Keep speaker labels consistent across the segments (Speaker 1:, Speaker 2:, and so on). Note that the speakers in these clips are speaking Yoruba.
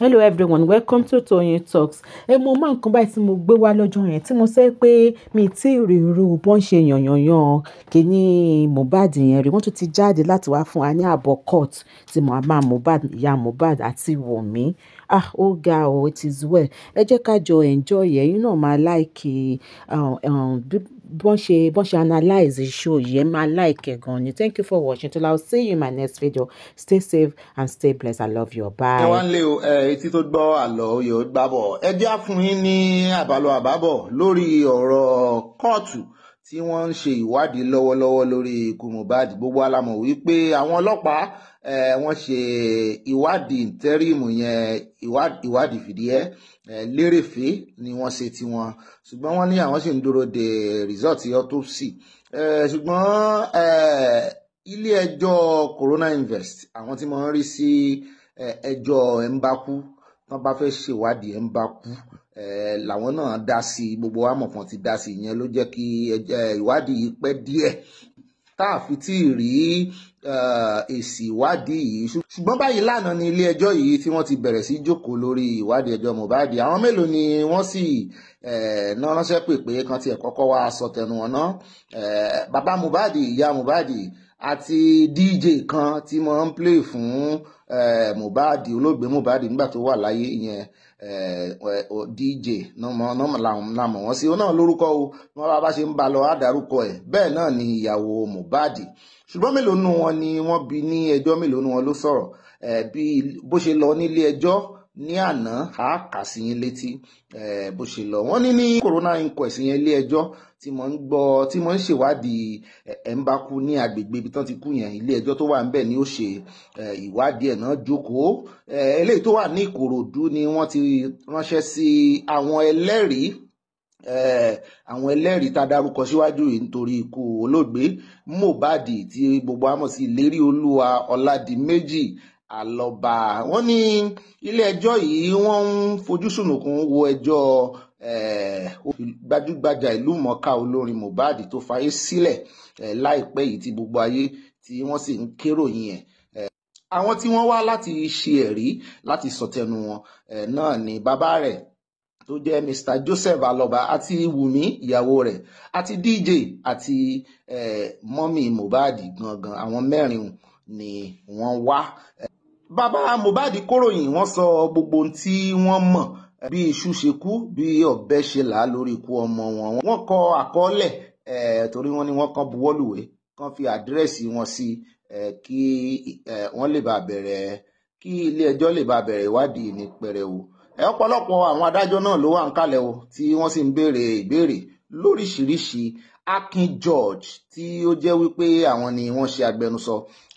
Speaker 1: hello everyone welcome to Toyeen Talks ẹ mọ mọ nǹkan báyìí tí mo gbé wá lọ́jọ́ yẹn tí mo sẹ́ pé mi tí rí irú bọ́n ṣe yànyànyàn kìíní Mohbad yẹn rí wọ́n tún ti jáde láti wá fún wa ní àbọ̀ court ti màmá Mohbad ìyá Mohbad àti Wùnmí ah ó ga ọ it is well ẹ jẹ́ ká jọ enjoy ẹ̀yin náà máa like eh, um, um, bọ́n ṣe bọ́n ṣe analyze show yìí ẹ like ẹ̀ gan ni thank you for watching till i will see you in my next video stay safe and stay blessed i love you bye. ẹ wá ń lé o etí tó gbọ́ àlọ́ yóò gbàbọ̀ ẹ jẹ́ àfún yín ní àbálọ àbábọ̀ lórí ọ̀rọ̀ kóòtù tí wọ́n ń ṣe ìwádìí lọ́wọ́lọ́wọ́ lórí ikú Mohbad gbogbo wa la mọ̀ wípé àwọn ọlọ́pàá wọ́n ṣe ìwádìí ìntẹ́rìmù yẹn ìwádìí fìdíẹ́ lérèfé ni wọ́n ṣe tiwọn ṣùgbọ́n wọ́n ní àwọn sì ń dúró de result autopsy ṣùgbọ́n ilé ẹjọ́ Corona Invest àwọn tí wọ́n ń rí sí ẹjọ́ ẹ̀ tán bá fẹ́ ṣèwádìí ẹ̀ ń bá kú làwọn náà dá sí i gbogbo amọ̀kan ti dá sí i ìyẹn ló jẹ́ kí ìwádìí yìí pẹ́ díẹ̀ tá a fi tí ì rí èsì ìwádìí yìí ṣùgbọ́n báyìí lánàá ní ilé ẹjọ́ yìí tí wọ́n ti bẹ̀rẹ̀ sí jókòó lórí ìwádìí ẹjọ́ Mohbad àwọn mélòó ni wọ́n sì ná ránṣẹ́ pè kan tiẹ̀ kọ́kọ́ wá sọ tẹnu ọ̀nà bàbá Mohbad ìyá Mohbad àti dj kan tí mo ń play fún eh, Mohbad olóògbé Mohbad nígbà tó wà láyé ìyẹn eh, dj lámọ̀ wọ́n sí ó náà lórúkọ o wọ́n bá bá ṣe ń ba lọ àdárúkọ ẹ̀ bẹ́ẹ̀ náà ni ìyàwó Mohbad ṣùgbọ́n mélòó nù wọn ni wọ́n bi ní ẹjọ́ mélòó nù wọn ló sọ̀rọ̀ eh, bí bó ṣe lọ nílé ẹjọ́ ní àná a kà sí yín létí eh, bó ṣe lọ wọ́n ní ní corona inquest yẹn ilé ẹjọ́ tí mo ń gbọ́ tí mo ń ṣèwádìí eh, ẹ̀ ń bá kú ní agbègbè ibi tán ti kú yẹn ilé ẹjọ́ tó wà ń bẹ̀ ni ó ṣe eh, ìwádìí ẹ̀ náà jókòó eléyìí tó wà ní Ìkòròdú ni wọ́n ti ránṣẹ́ sí àwọn ẹlẹ́rìí àwọn ẹlẹ́rìí tá a dárúkọ síwájú yìí nítorí ikú olóògbé Mohbad tí gbogbo amọ̀ sí Ìlérí Olúwa Ọládìméjì àlọ́ba wọ́n ní ilé-ẹjọ́ yìí wọ́n ń fojú sùnùkùn wo ẹjọ́ eh, gbajúgbajà ìlú mọ̀ọ́ká olórin Mohbad tó fayé sílẹ̀ eh, láìpẹ́ yìí tí gbogbo ayé tí wọ́n sì ń kéròyìn ẹ̀ eh, àwọn tí wọ́n wá láti ṣe ẹ̀rí láti sọ̀tẹnu wọn náà ni bàbá rẹ̀ tó jẹ́ Mr Joseph Aloba àti Wùmí ìyàwó rẹ̀ àti DJ àti mọ́mì Mohbad gangan àwọn mẹ́rin ni wọ́n wá bàbá Mohbad kóròyìn wọ́n sọ gbogbo ohun tí wọ́n mọ̀ bí iṣu ṣe kú bí ọ̀bẹ ṣe là á lórí ikú ọmọ wọn wọ́n kọ àkọọ́lẹ̀ torí wọ́n ní wọ́n kàn buwọ́lùwé kàn fi àdírẹ́sì wọn sí kí wọ́n lè bá bẹ̀rẹ̀ kí ilé ẹjọ́ lè bá bẹ̀rẹ̀ ìwádìí ní pẹrẹwu ọ̀pọ̀lọpọ̀ àwọn adájọ́ náà ló wà ń kalẹ̀ o tí wọ́n sì ń béèrè ìbéèrè lóríṣìíríṣìí Akin George tí ó jẹ́ wípé àwọn ni wọ́n ṣe agbẹnusọ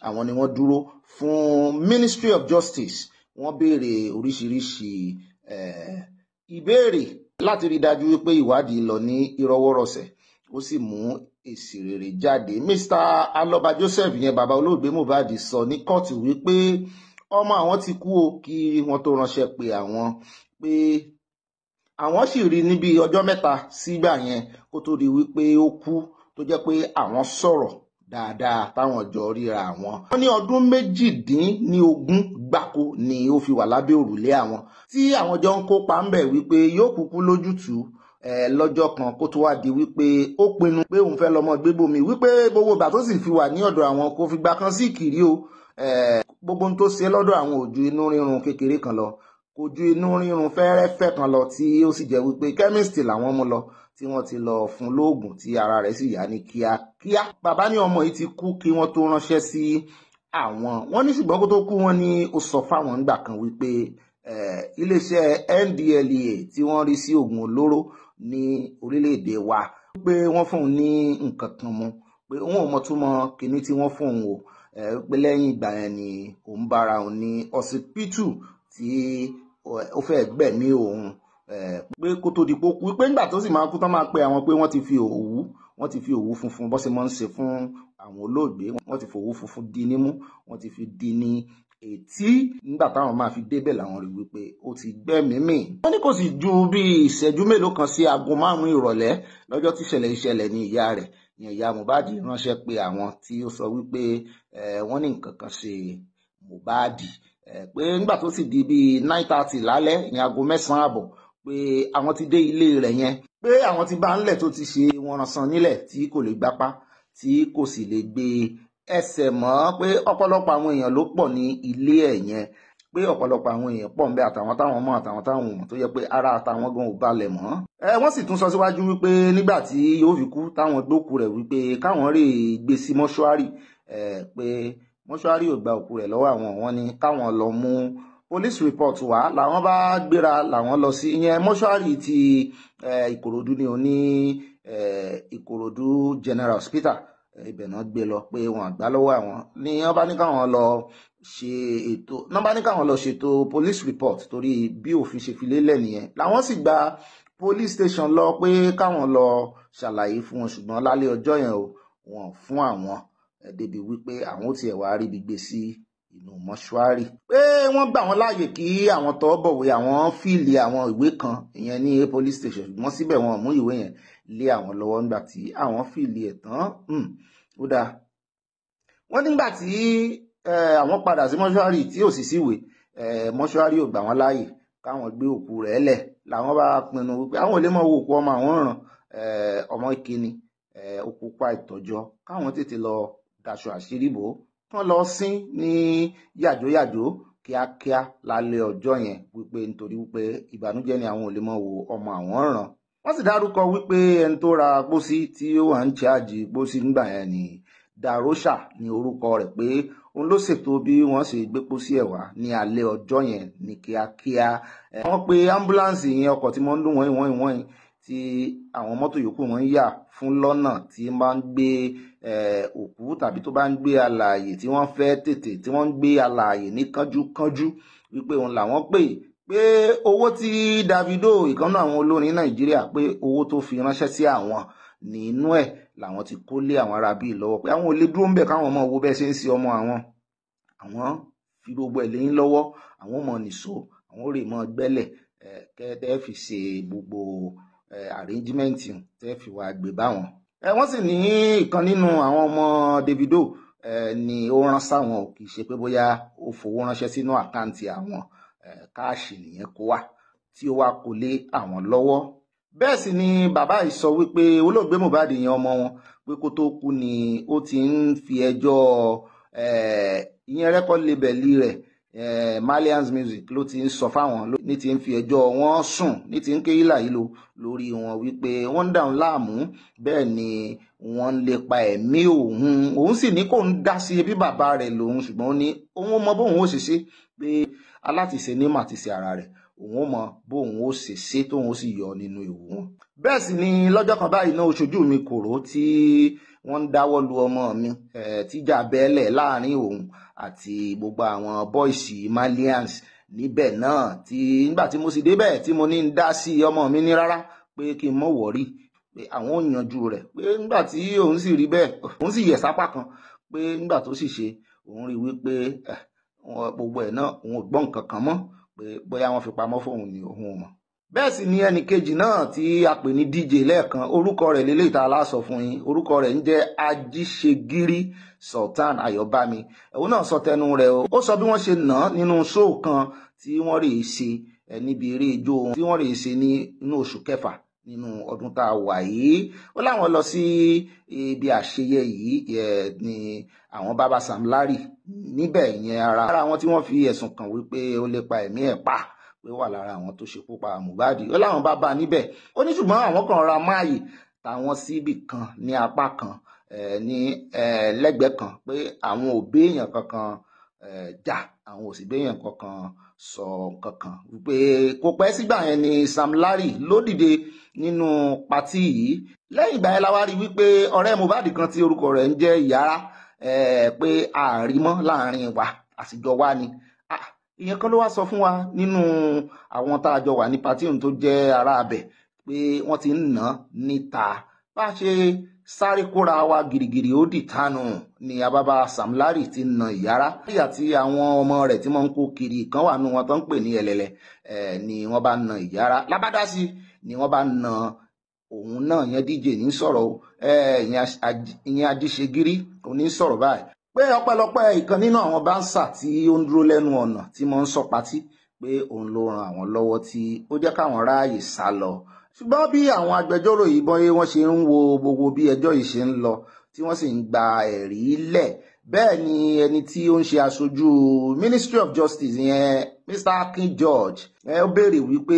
Speaker 1: àwọn ni wọ́n dúró fún Ministry of Justice wọ́n béèrè oríṣiríṣi eh, ìbéèrè láti rí dájú wípé ìwádìí lọ ní ìrọwọ́rọsẹ̀ ó sì mú èsì rere jáde Mr Aloba Joseph yẹn baba olóògbé Mohbad sọ ní kóòtù wípé ọmọ àwọn ti kú o kí wọ́n tó ránṣẹ́ pé àwọn pé àwọn sì rí i níbi ọjọ́ mẹ́ta sígbà yẹn kó tó di wípé ó kú tó jẹ́ pé àwọn sọ̀rọ̀ dáadáa táwọn jọ ríra àwọn. wọ́n ní ọdún méjìdínlógún gbáko ni ó fi wà lábẹ́ òrùlé àwọn tí àwọn jọ ń kópa ń bẹ̀ wípé yóò kúkú lójútùú lọ́jọ́ kan kó tó wá di wípé ó pinnu pé òun fẹ́ lọ́mọ gbégbómi wípé gbogbo ìgbà tó sì fi wà ní ọ̀dọ̀ àwọn kò fìgbà kan sí ìkìrí o gbogbo ohun tó ṣe lọ́dọ̀ àwọn òjú inú rírun kékeré kan lọ kò ju inú rírun fẹ́rẹ́fẹ́ kan lọ tí ó sì jẹ́ wípé kẹ́míìsì làwọn mú lọ tí wọ́n ti lọ fún lóògùn tí ara rẹ̀ sì yá ní kíákíá. bàbá ní ọmọ yìí ti kú kí wọ́n tó ránṣẹ́ sí àwọn wọ́n ní ṣùgbọ́n kó tó kú wọ́n ní ó sọ fáwọn ńgbà kan wípé iléeṣẹ́ NDLEA tí wọ́n rí sí oògùn olóró ní orílẹ̀-èdè wa pé wọ́n fún un ní nǹkan kan mu pé òun ò mọ̀túmọ̀ kinní tí wọ́n fún òun o pé lẹ́yìn ìgbà yẹn ni òun bára òun ní ọsibítù tí ó fẹ́ gbẹ̀mí òun pé kó tó di pé ó kú pé nígbà tó sì máa kú tán máa pe àwọn pé wọ́n ti fi òwú wọ́n ti fi òwú funfun bó ṣe máa ń ṣe fún àwọn olóògbé wọ́n ti fi òwú funfun di nímú wọ́n ti fi di ní ètí nígbà táwọn máa fi débẹ̀ làwọn rí wípé ó ti gbẹ́mìímì. wọ́n ní kò sì ju bí ìṣẹ́jú mélòó kan sí aago márùn-ún ìrọ̀lẹ́ lọ́jọ́ tí ìṣẹ̀lẹ̀ ìṣẹ̀lẹ̀ ní ìyá rẹ̀ ìyẹn ìyá Mohbad ránṣẹ́ pé àwọn tí ó sọ wípé wọ́n ní nǹkan kan ṣe Mohbad pé nígbà tó sì di bíi nine thirty lálẹ́ ìyẹn aago mẹ́sàn-án àbọ̀ pé àwọn ti dé ilé rẹ̀ yẹn pé àwọn ti bá ńlẹ̀ tó ti ṣe wọ̀nransan nílẹ̀ tí kò lè gbapá tí kò sì lè gbé ẹsẹ̀ mọ́ pé ọ̀pọ̀lọpọ̀ àwọn èèyàn ló pọ̀ ní ilé ẹ̀ yẹn pé ọ̀pọ̀lọpọ̀ àwọn èèyàn pọ̀ nbẹ àtàwọn táwọn mọ̀ àtàwọn táwọn mọ̀ tó yẹ pé ara àtàwọn gan ò balẹ̀ mọ́. ẹ wọ́n sì tún sọ síwájú wípé nígbà tí yóò fi kú táwọn gbókù rẹ̀ wípé káwọn rè gbé sí mọ́ṣúárì pé mọ́ṣúárì ò gba òkú rẹ̀ lọ́wọ́ àwọn wọn ni káwọn lọ mú police report wá làwọn bá gbéra làwọn lọ sí ìyẹn mọ́ṣúárì ti ìkòròdú ni òní ìkòròdú general hospital ibẹ̀ náà gbé lọ pé wọn àgbá lọ́wọ́ àwọn ni wọ́n bá ní káwọn lọ ṣe ètò wọ́n bá ní káwọn lọ ṣètò police report torí bí òfin ṣe fi lélẹ̀ nìyẹn làwọn sì gba police station lọ pé káwọn lọ ṣàlàyé fún wọn ṣùgbọ́n lálẹ́ ọjọ́ yẹn o wọn fún àwọn débi wípé àwọn ó tiẹ̀ wá ríbi gbé sí inú mọ́ṣúárì pé wọ́n gbà wọ́n láàyè kí àwọn tó bọ̀wé àwọn fíìlì àwọn ìwé kan ìyẹn ní police station ṣùgbọ́n síbẹ̀ wọn ò mú ìwé yẹn lé àwọn lọ́wọ́ nígbà tí àwọn fíìlì ẹ̀ tán hmm, ó dáa wọ́n nígbà tí àwọn padà sí mọ́ṣúárì tí ò sì síwè mọ́ṣúárì ò gbà wọ́n láàyè káwọn gbé òkú rẹ̀ lẹ̀ làwọn bá pinnu wípé àwọn ò lè mọ owó òkú ọmọ àwọn ràn ọmọ ìkíni òkú pa ìtọ́jọ́ káwọn tètè lọ daṣọ àṣírí bò kán lọ sín ní yàjóyàjó kíákíá lálẹ́ ọjọ́ yẹn wípé nítorí wípé ìbànújẹ́ ni àwọn ò lè mọ wo ọmọ àwọn ràn wọ́n sì dárúkọ wípé ẹni tó ra pósí tí ó wà ń ṣáàjì pósí nígbà yẹn ni darosha ni orúkọ rẹ̀ pé òun ló ṣètò bí wọ́n ṣe gbé pósí ẹ̀ wá ní alẹ́ ọjọ́ yẹn ní kíákíá wọ́n pe ambulance yẹn ọkọ̀ tí wọ́n ń lù wọ́n ìwọ́n ìwọ́n tí àwọn mọ́tò yòókù wọn yà fún lọ́nà tí máa ń gbé eh, òkú tàbí tó bá ń gbé alààyè tí wọ́n fẹ́ tètè tí wọ́n ń gbé alààyè ní kánjúkánjú wípé òun làwọn pè pé owó tí Davido ìkànnà àwọn olórin Nàìjíríà pé owó tó fi ránṣẹ́ sí àwọn nínú ẹ̀ làwọn ti kó lé àwọn ará bíi lọ́wọ́ pé àwọn ò lè dúró ń bẹ̀ káwọn ọmọ owó bẹ́ẹ̀ ṣe ń ṣe ọmọ àwọn àwọn fi gbogbo ẹ̀ lẹ́yìn lọ́wọ́ àwọn ọmọ nìṣó àwọn ò mọ́ gbẹ́lẹ̀ eh, kẹ́ẹ́dẹ́ fi ṣe gbogbo àrẹ́jímẹ́ǹtì tẹ́ fi wá gbé báwọn. wọ́n sì ní ìkan nínú àwọn ọmọ Davido ni ó rán sáwọn kì í ṣe pé bóyá ó fowó ránṣẹ́ sínú àkáǹtì àwọn káàṣì nìyẹn kó wà tí ó wá kó lé àwọn lọ́wọ́ bẹ́ẹ̀ sì ni bàbá yìí sọ wípé olóògbé Mohbad yẹn ọmọ wọn pé kó tó kú ni ó ti ń fi ẹjọ́ ìyẹn rẹ́kọ́ lebẹ̀lì rẹ̀ Eh, Malians Music ló ti ń sọ fáwọn ní ti ń fi ẹjọ́ wọn sùn ní ti ń ké yílà yìí lo lórí wọn wípé wọ́n ń dàrún láàmú bẹ́ẹ̀ ni wọ́n ń lépa ẹ̀mí òun òun sì ní kó ń dá sí bí bàbá rẹ̀ lòun ṣùgbọ́n ó ní òun mọ bóun ó ṣe ṣe pé alátìṣe ní màtìṣe ara rẹ̀ òun mọ bóun ó ṣe ṣe tóun ó sì yọ nínú ìwò wọn. bẹ́ẹ̀ sì ni lọ́jọ́ kan báyìí náà oṣojú mi kòró tí wọ́n ń dáwọ́ lu ọmọ mi eh, tíjà bẹ́ẹ̀lẹ̀ láàrin òun àti gbogbo àwọn bọ́ìsì malians níbẹ̀ náà tí nígbà tí mo sì débẹ̀ tí mo ní ń dá sí ọmọ mi ní rárá pé kí n mọ̀ wọ̀rí pé àwọn ò yanjú rẹ̀ pé nígbà tí òun sì rí bẹ́ẹ̀ òun sì yẹ̀ sápá kan pé nígbà tó sì ṣe òun rí wípé gbogbo ẹ̀ náà òun ò gbọ́ nǹkan mọ́ pé bóyá wọ́n fi pamọ́ fóun ni òun ò mọ̀ bẹ́ẹ̀ sì ni ẹnìkejì náà tí a pè ní DJ lẹ́ẹ̀kan orúkọ rẹ̀ lélẹ́yìí tá a láṣọ fún yín orúkọ rẹ̀ ń jẹ́ ajíṣegírí sultan ayọ̀bámi òun náà sọ tẹnu rẹ̀ o ó sọ bí wọ́n ṣe nà án nínú ṣóò kan tí wọ́n rèé ṣe níbi eré ijó wọn tí wọ́n rèé ṣe nínú oṣù kẹfà nínú ọdún tá a wà yìí ó láwọn lọ sí ibi àṣeyẹ yìí ni àwọn bàbá Sam Larry níbẹ̀ yẹn ara àwọn tí wọ́n fi ẹ̀sùn kàn wípé ó lépa ẹ̀mí ẹ̀ pa pé wà lára àwọn tó ṣekú pa Mohbad ó láwọn bá bá a níbẹ̀ ó ní ṣùgbọ́n àwọn kan ra máàyè táwọn síbì kan ní apá kan ní lẹ́gbẹ̀ẹ́ kan pé àwọn ò béèyàn kankan jà àwọn ò sì béèyàn kankan sọ kankan wípé kò pẹ́ sígbà yẹn ni Sam Larry ló dìde nínú patí yìí lẹ́yìn ìgbà yẹn la wá rí wípé ọ̀rẹ́ Mohbad kan tí orúkọ rẹ̀ ń jẹ́ Ìyára pé àárí mọ́ láàrin wa àtijọ́ wa ni ìyẹn kọ́ ló wá sọ fún wa nínú àwọn tá a jọ wà ní patí òun tó jẹ́ ará abẹ pé wọ́n ti ń nà án níta bá a ṣe sáré kóra wa gìrìgìrì ó dìtánu ni ababa Sam Larry ti nà ìyára lẹ́yìn àti àwọn ọmọ rẹ̀ tí wọ́n ń kó kiri kan wà nù wọn tó ń pè ní ẹlẹ́lẹ́ ni wọ́n bá nà ìyára lábádásí ni wọ́n bá nà òun náà yẹn díje ní sọ̀rọ̀ ìyẹn ajíṣegírí onísọ̀rọ̀ báyìí pé ọpẹ́lọpẹ́ ìkan nínú àwọn báńsà tí ó ń dúró lẹ́nu ọ̀nà tí mo ń sọ patí pé òun ló ran àwọn lọ́wọ́ tí ó jẹ́ káwọn ráàyè sá lọ ṣùgbọ́n bí àwọn agbẹjọ́rò yìí bọ́yé wọ́n ṣe ń wo gbogbo bí ẹjọ́ yìí ṣe ń lọ tí wọ́n sì ń gba ẹ̀rí lẹ̀ bẹ́ẹ̀ ni ẹni tí ó ń ṣe aṣojú Ministry of Justice yẹn Mr. Akin George ẹ ó béèrè wípé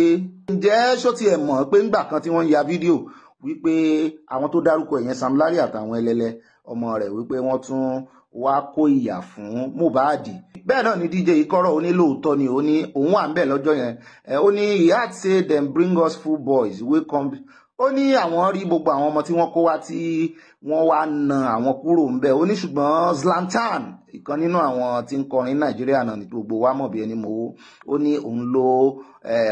Speaker 1: ǹjẹ́ ṣó tiẹ̀ mọ̀ pé ńgbà kan tí wọ́n ń ya fídíò wípé àwọn tó dárúkọ ìyẹn Sam Larry àtàwọn ẹlẹ́lẹ́ ọmọ rẹ̀ wípé wọ́n tún wàá kó ìyà fún Mohbad bẹ́ẹ̀ náà ni DJ Ikoro onílòótọ́ ni òní òun wà ń bẹ̀ lọ́jọ́ yẹn ó ní he had say dem bring us full boys wey come ó ní àwọn rí gbogbo àwọn ọmọ tí wọ́n kó wá tí wọ́n wá na àwọn kúrò ń bẹ̀ ó ní ṣùgbọ́n Zlatan ìkan nínú àwọn tí ń kọrin Nàìjíríà náà ní gbogbo wa mọ̀ bí ẹni mowó ó ní òun ló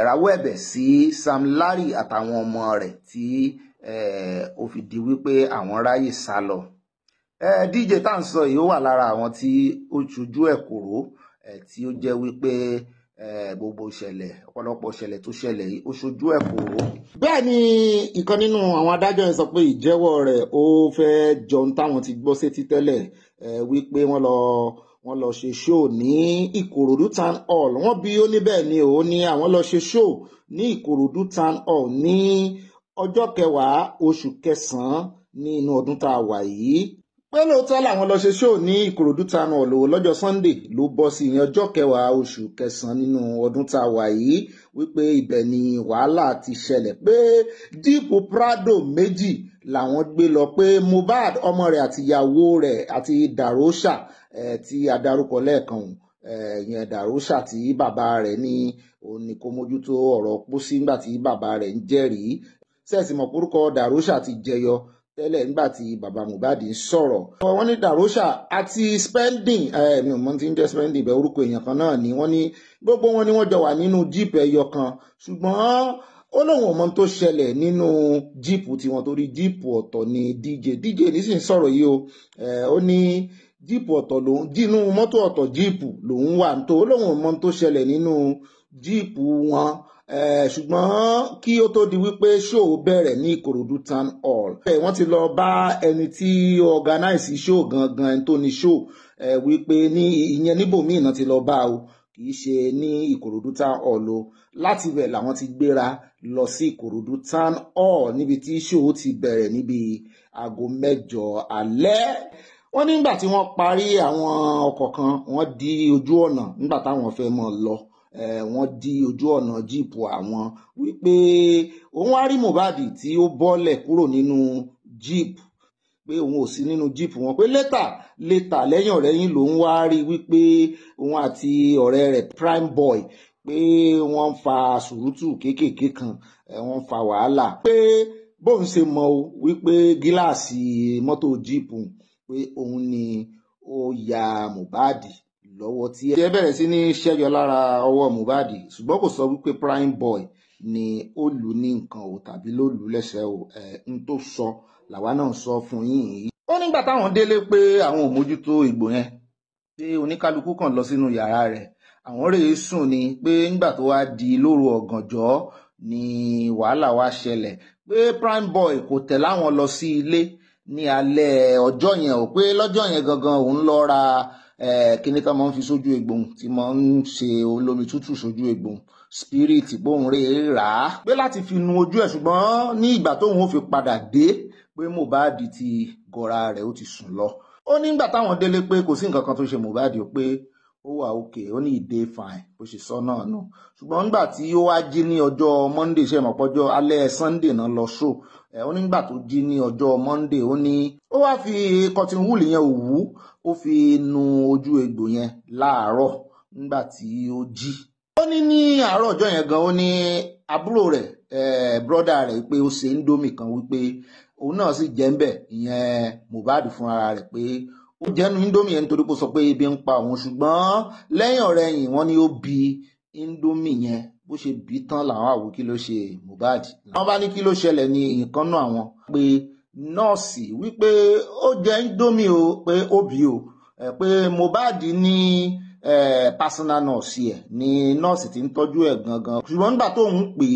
Speaker 1: rawọ́ ẹ̀bẹ̀ sí Sam Larry àtàwọn ọmọ rẹ̀ tí ó fi di wípé àwọn ráyè sá lọ DJ tá à ń sọ yìí ó wà lára àwọn tí ó ṣojú ẹ̀ kòró tí ó jẹ́ wípé gbogbo ìṣẹ̀lẹ̀ ọ̀pọ̀lọpọ̀ ìṣẹ̀lẹ̀ tó ṣẹlẹ̀ yìí ó ṣojú ẹ̀ kòró. bẹ́ẹ̀ ni ìkan nínú àwọn adájọ́ yẹn sọ pé ìjẹ́wọ́ rẹ̀ ó fẹ́ jọun táwọn ti gbọ́ sétí tẹ́lẹ̀ wípé wọ́n lọ wọ́n lọ ṣe ṣóò ní ìkòròdú town hall wọ́n bí ó ní bẹ́ẹ̀ ni ó ní àwọn lọ ṣe ṣóò ní ìkòròdú town hall ní ọjọ́ kẹwàá oṣù kẹsàn-án ní inú ọdún tá a pé lóòótọ́ làwọn lọ ṣe ṣóò ní ìkòròdú tanu ọ̀lọ́wọ́ lọ́jọ́ sunday ló bọ́ sí ìyẹn ọjọ́ kẹwàá oṣù kẹsàn-án nínú ọdún tá a wà yìí wípé ibẹ̀ ni wàhálà ti ṣẹlẹ̀ pé díìpù prado méjì làwọn gbé lọ pé mohbad ọmọ rẹ̀ àtìyàwó rẹ̀ àti darosha eh, tí lẹ́ẹ̀kan ọ̀hún yẹn tí bàbá rẹ̀ ní òun ni kó mójútó ọ̀rọ̀ pósí nígbà tí bàbá rẹ̀ ń jẹ́rìí sẹ́ẹ̀sì mọ̀ tẹ́lẹ̀ nígbà tí bàbá Mohbad ń sọ̀rọ̀. wọ́n ní Darosha àti spending mi ò ti ń jẹ́ spending bẹ́ẹ̀ orúkọ èèyàn kan náà ni wọ́n ní gbogbo wọn ni wọ́n jọ wà nínú jíìpù ẹyọ kan ṣùgbọ́n ó lóun ọmọ tó ṣẹlẹ̀ nínú jíìpù tiwọn torí jíìpù ọ̀tọ̀ ni DJ DJ ní sì ń sọ̀rọ̀ yìí o ó ní jíìpù ọ̀tọ̀ lòun jínú mọ́tò ọ̀tọ̀ jíìpù lòun wà tó ó lóun ọmọ tó ṣẹlẹ̀ nínú jíìpù wọn ṣùgbọ́n kí ó tó di wípé ṣóò bẹ̀rẹ̀ ní Ìkòròdú town hall. wọ́n ti lọ bá ẹni tí organize ṣóò gangan ẹni tó ní ṣóò wípé ní ìyẹn níbòmíì náà ti lọ bá o kìí ṣe ní ìkòròdú town hall o láti ibẹ̀ làwọn ti gbéra lọ sí ìkòròdú town hall níbi tí ṣòwò ti bẹ̀rẹ̀ níbi aago mẹ́jọ alẹ́ wọ́n nígbà tí wọ́n parí àwọn ọkọ̀ kan wọ́n di ojú ọ̀nà nígbà táwọn fẹ́ mọ̀ lọ wọ́n dí ojú ọ̀nà jíìpù àwọn wípé òun á rí Mohbad tí ó bọ́lẹ̀ kúrò nínú jíìpù pé òun ò sí nínú jíìpù wọn pé létà létà lẹ́yìn ọ̀rẹ́ yín lòun wá rí wípé òun àti ọ̀rẹ́ rẹ̀ prime boy pé wọ́n ń fa sùrùtù kéékèèké kan wọ́n ń fa wàhálà pé bóun ṣe mọ̀ o wípé gíláàsì mọ́tò jíìpù pé òun ni ó ya Mohbad lọ́wọ́ tí ẹ bẹ̀rẹ̀ sí ní ṣẹ́yọ lára ọwọ́ Mohbad ṣùgbọ́n kò sọ wípé prime boy ni ó lù ní nǹkan o tàbí ló lù lẹ́sẹ̀ o ẹ̀ ń tó sọ làwa náà sọ fún yín yìí. ó nígbà táwọn délé pé àwọn ò mójútó ìgbò yẹn pé oníkálukú kàn lọ sínú yàrá rẹ̀ àwọn rèé sùn ni pé nígbà tó wá di lóru ọ̀gànjọ́ ni wàhálà wá ṣẹlẹ̀ pé prime boy kò tẹ̀ láwọn lọ sí ilé ní alẹ́ ọjọ́ yẹn ò pé lọ́jọ́ yẹn gangan òun lọ ra kíní tá máa ń fi sójú egbòun tí máa ń ṣe olómi tútù sójú egbòun spirit bóun rè é rà á pé láti fi nu ojú ẹ̀ ṣùgbọ́n ní ìgbà tóun ó fi padà dé pé Mohbad ti gọra rẹ̀ ó ti sùn lọ ó nígbà táwọn délé pé kò sí nǹkan kan tó ṣe Mohbad ó pé ó wà òkè ó ní ìdè fine bó ṣe sọ náà nù ṣùgbọ́n nígbà tí ó wá jí ní ọjọ́ monday ṣe mọ̀ pọ́jọ́ alẹ́ sunday náà lọ show ẹ̀ ó nígbà tó jí ní ọjọ́ monday ó ní ó wá fi cotton wool yẹn òwú ó fi nu ojú egbò yẹn láàárọ̀ nígbà tí ó jí ó ní ní àárọ̀ ọjọ́ yẹn gan ó ní àbúrò rẹ̀ brọ́dà rẹ̀ pé ó ṣe indomie kan wípé òun náà sì jẹ́ ń bẹ̀ ìyẹn Mohbad fúnra rẹ̀ pé ó jẹ́nu indomie yẹn nítorí pé o sọ pé ebi ń pa òun ṣùgbọ́n lẹ́yìn ọ̀rẹ́ yìí wọ́n ní ó bi indomie yẹn bó ṣe bí tán làwọn àwò kí ló ṣe Mohbad wọ́n bá ní kí ló ṣẹlẹ̀ ní nǹkan náà àwọn pé nọ́ọ̀sì wípé ó jẹ indomie o pé ó bí o pé Mohbad ní personal nurse ẹ̀ ní nọ́ọ̀sì tí ń tọ́jú ẹ̀ gangan ṣùgbọ́n nígbà tó ń pè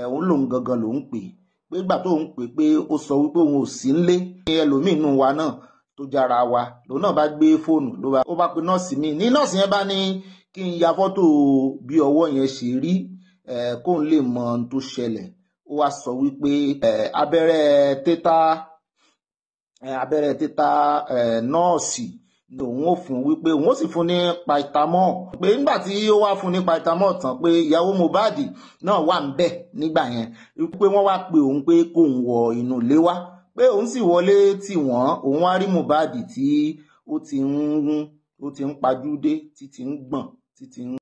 Speaker 1: é òun lòun gangan lòun pè é pé nígbà tó ń pè é pé ó sọ wípé òun ò sí nílé ẹlòmíín nù wa náà tó jára wa lòun náà bá gbé fóònù ló bá ó bá pe nọ́ọ̀sì mi ní nọ́ọ̀sì yẹn bá ní kí n ya fọ́tò bí ọwọ́ yẹn ṣe rí kóun lè mọ ohun tó ṣẹlẹ̀ ó wá sọ wípé abẹ́rẹ́ tẹ́tà abẹ́rẹ́ tẹ́tà nọ́ọ̀sì lòun ò fún wípé òun ò sì fún ní paitamọ́ pé nígbà tí ó wá fún ní paitamọ́ tán pé ìyàwó Mohbad náà wà ń bẹ̀ nígbà yẹn wípé wọ́n wá pe òun pé kóun wọ inú ilé wá pé òun sì wọlé tì wọ́n òun wá rí Mohbad tí ó ti ń ó ti ń tí ti ń gbọ̀n tí ti ń